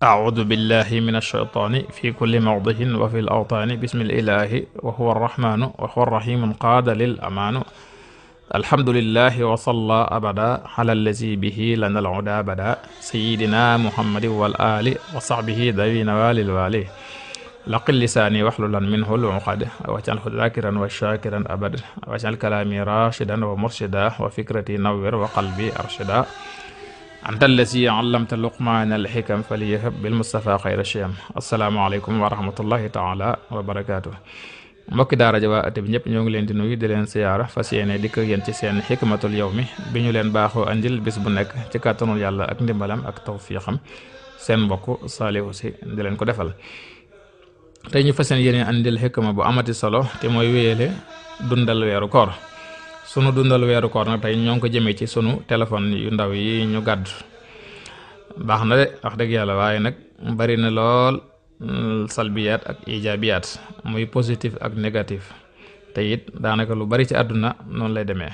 acudu billahi min alsheytaani fi kulli mawdihin wa fi l awtaani bismi lilahi wa huwa arrahmaanu wa huwa arrahimu qaada lil amaanu alhamdulilahi wa salla abada ala allazi bihi lana al huda abada sayidina muhammadin wal aali wa saxbihi dawi nawaalil waali laqil lisaani waxlulan minhu luqad waj'alhu dhaakiran wa shaakiran abad waj'al kalaami raashidan wa murshida wa fikrati nawwir wa qalbi arshida anta allasi allamta luqmaana alxikam faliyahab bil mustafa xayra shiyam assalaamu aleykum wa rahmatullahi taala wa barakaatu mbokki daara ja waa bi ñëpp ñoo ngi leen di nuyu di leen siyaara fas yéene dikk yéen ci seen xikmatul yawmi bi ñu leen baaxoo andil bis bu nekk ci kàttanul yàlla ak ndimbalam ak tawfiixam seen mbokk saalihu di leen ko defal tey ñu yéneen yéene andil xikma bu amati solo te mooy wéyale dundal weeru koor sunu dundal weeru koor nag tey ñoo ko jëmee ci sunu téléphone yu ndaw yi ñu gàddu baax na de wax dëgg yàlla waaye nag bari na lool mm, salbiyaat ak ijaabiyaat muy positif ak négatif te it daanaka lu bari ci àdduna noonu lay demee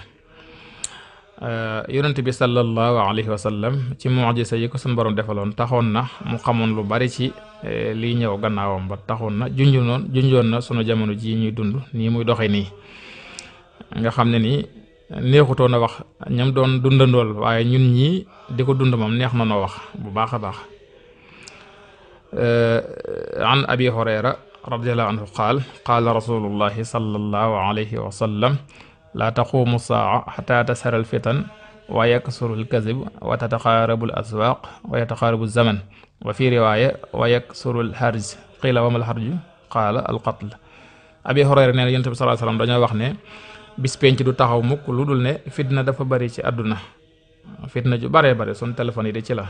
euh, yonent bi sallallahu alayhi wa sallam ci mucjisa yi ko sunu borom defaloon taxoon na mu xamoon lu bari ci lii ñëw gannaawam ba taxoon na junju noon junjoon na sunu jamono ji ñuy dund nii muy doxe nii nga xam ne nii neexutoon a wax ñam doon dundandool waaye ñun ñii di ko dund moom neex na noo wax bu baax a baax an abi hurayra radiallahu anhu qaal qaala rasulullahi sallallahu alayhi wa sallam laa taqumu saa xata tasara alfitan wa yaksuru alkazib wa tataqaarabu aswaaq wa yataqaarabu zaman wa fi riwaaya wa yaksuru alxarj qiila wa mal xarju qaala al qatl abi hurayra nee na yonent bi sallallahu alayhi dañoo wax ne bis penc du taxaw mukk lu dul ne fitna dafa bari ci àdduna fitna ju baree bare sun téléphone yi de ci la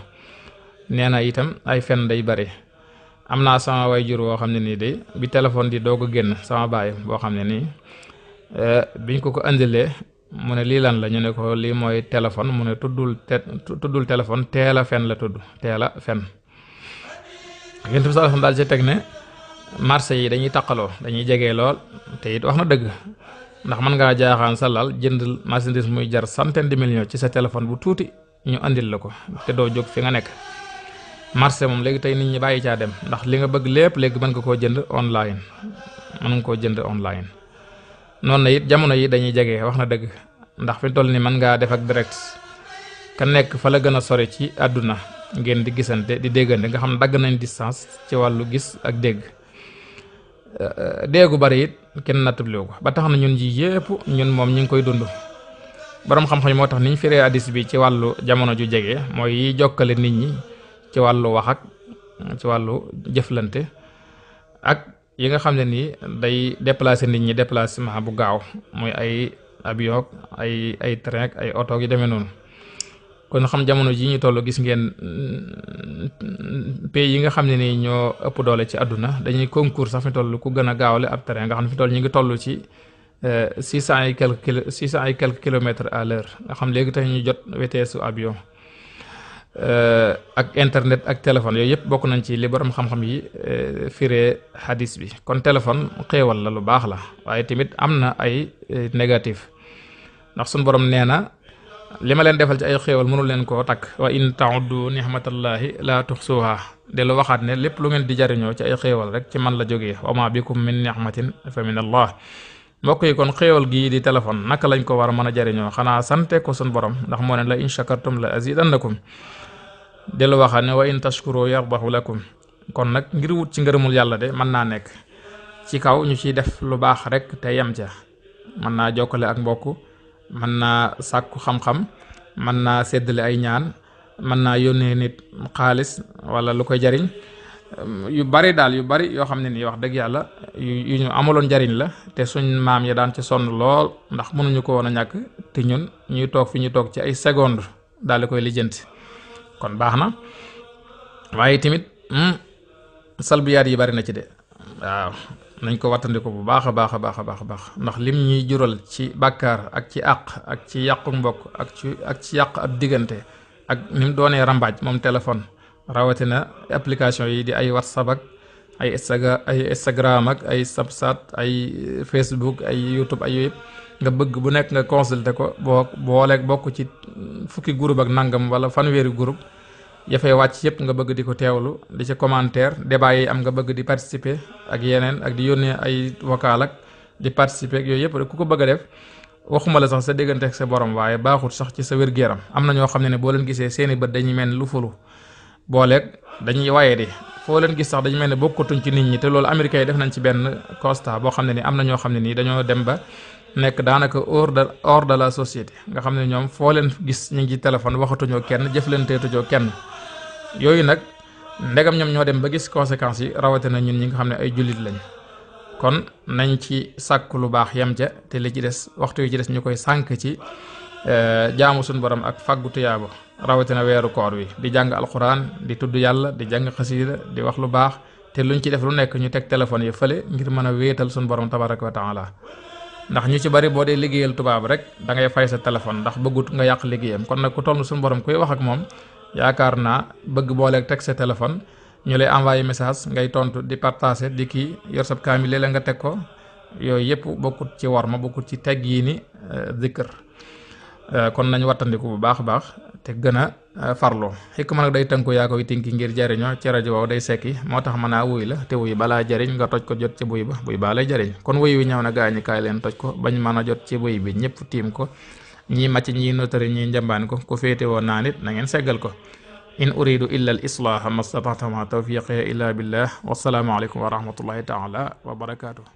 nee na itam ay fen day bari am naa sama way jur woo xam ne nii de bi téléphone di doog a génn sama baay boo xam ne nii eh, biñ ko ko indilee mu ne lii lan la ñu ne ko lii mooy téléphone mu ne tuddul te tuddul téléphone teel a fen la tudd teel fen yonent bi sallallahu daal ci teg ne marché yi dañuy taqaloo dañuy jege lool te it wax na dëgg ndax mën ngaa jaaxaan sa lal jënd marchandise muy jar centaine de millions ci sa téléphone bu tuuti ñu indil la ko te doo jóg fi nga nekk. marché moom léegi tey nit ñi bàyyi caa dem ndax li nga bëgg lépp léegi mën nga koo jënd online mën nga koo jënd online noonu na it jamono yi dañuy jege wax na dëgg ndax fi toll ni mën ngaa def ak direct ka nekk fa la gën a sore ci àdduna ngeen di gisante di déggante nga xam ne dagg nañ distance ci wàllu gis ak dégg euh, déegu bari it kenn nattabliwu ko ba tax na ñun ji yépp ñun moom ñu ngi koy dund boroom xam-xam moo tax niñ firee addis bi ci wàllu jamono ju jege mooy jokkale nit ñi ci wàllu wax ak ci wàllu jëflante ak yi nga xam ne nii day déplacer nit ñi déplacement bu gaaw mooy ay avion ay ay train ay oto yi demee noonu kon xam jamono ji ñu toll gis ngeen pays yi nga xam ne nii ñoo ëpp doole ci àdduna dañuy concours sax fi toll ku gën a gaawale ab terrain nga xam ne fi toll ñu ngi tollu ci euh, six cent et quelques kilo six cent et quelques kilomètres à l'heure nga xam léegi tax ñu jot vitesse su avion euh, ak internet ak téléphone yooyu yëpp bokk nañ ci li borom xam-xam yi euh, fire xadis bi kon téléphone xéewal la lu baax la waaye tamit am na ay négatif ndax suñu borom nee na li ma leen defal ci ay xéewal mënu leen koo takk wa in tauddu nihmatallahi la tuxsuha dellu waxaat ne lépp lu ngeen di jariñoo ci ay xéewal rek ci man la jógee wa ma bikum min nihmatin fa min allah mbokk yi kon xéewal gii di téléphone naka lañ ko war a mën a jariñoo xanaa sante ko sun borom ndax moo ne la in shakartum la azidannakum dellu waxaat ne wa in tashkuru yardahu lakum kon nag ngir wut ci ngërëmul yàlla de mën naa nekk ci kaw ñu ciy def lu baax rek te yem ca mën naa jokkale ak mbokk mën naa sàkku xam-xam mën naa seddale ay ñaan mën naa yónnee nit xaalis walla lu koy jariñ yu bari daal yu bari yoo xam ne nii wax dëgg yàlla yu ñu amaloon njariñ la te suñ maam ya daan ci sonn lool ndax mënuñu ko woon a ñàkk te ñun ñuy toog fi ñu toog ci ay segond daal di koy lijjanti kon baax na waaye tamit hmm, salbiyaat yi bari na ci de waaw nañ ko wattandiku bu baax a baax a baax a baax a baax ndax lim ñuy jural ci bàkkaar ak ci àq ak ci yàqu mbokk ak ci ak ci yàq ak diggante ak ni doonee rambaaj moom téléphone rawatina application yi di ay whatsapp ak ay instaga ay instagram ak ay snapchat ay facebook ay youtube ay yooyu nga bëgg bu nekk nga consulter ko boo booleeg bokk ci fukki groupe ak nangam wala fanweeri groupe ya wàcc yëpp nga bëgg di ko teewlu di ci commentaire débat yi am nga bëgg di participer ak yeneen ak di yónnee ay vocal ak di participer yooyu yëpp rek ku ko bëgg a def waxuma la sax sa déggante ak sa borom waaye baaxut sax ci sa wér-gu-yaram am na ñoo xam ne ne boo leen gisee seeni bët dañuy mel ni lu fulu booleeg dañuy waaye di foo leen gis sax dañu mel ne bokkatuñ ci nit ñi te loolu américain yi def nañ ci benn constat boo xam ne ni am na ñoo xam ne nii dañoo dem ba nekk daanaka hors de hors de la société nga xam ne ñoom foo leen gis ñu ngi téléphone waxatuñoo kenn jëflanteetuñoo kenn yooyu nag ndegam ñoom ñoo dem ba gis conséquences yi rawatina ñun ñi nga xam ne ay jullit lañ kon nañ ci sàkk lu baax yem ca te li ci des waxtu yu ci des ñu koy sànk ci eh, jaamu suñu borom ak fàggu tuyaaba rawatina weeru koor wi di jàng alxuraan di tudd yàlla di jàng xasiida di wax lu baax te luñ ci def lu nekk ñu teg téléphone yi fale ngir mën a wéetal suñu borom tabaraka wa taala ndax ñu ci bari boo dee liggéeyal tubaab rek da ngay fay sa téléphone ndax nga yàq liggéeyam kon nag ku toll suñu borom wax ak yaakaar naa bëgg booleeg teg sa téléphone ñu lay envoyé message ngay tontu di partase di kii yor sab kaamil léeg nga teg ko yooyu yëpp bokkut ci war ma bokkut ci teg yii ni dikkër euh, euh, kon nañ wattandiku bu baax a baax te gën a euh, farlu xikma nag day tënku yaa koy tinki ngir jariñoo ci rajo waaw day sekki moo tax mën naa wuy la te wuy balaa jariñ nga toj ko jot ci buy ba buy baa lay jariñ kon wuy wi ñëw na gaañi leen toj ko bañ mën a jot ci buy bi ñëpp tiim ko ñii màcc ñii notari ñii njambaan ko ku féete woon naa na ngeen seggal ko in uridu illa al islaaha mastata'tu ma illa billah wassalaamu aleykum wa rahmatullahi taala wa barakaatuh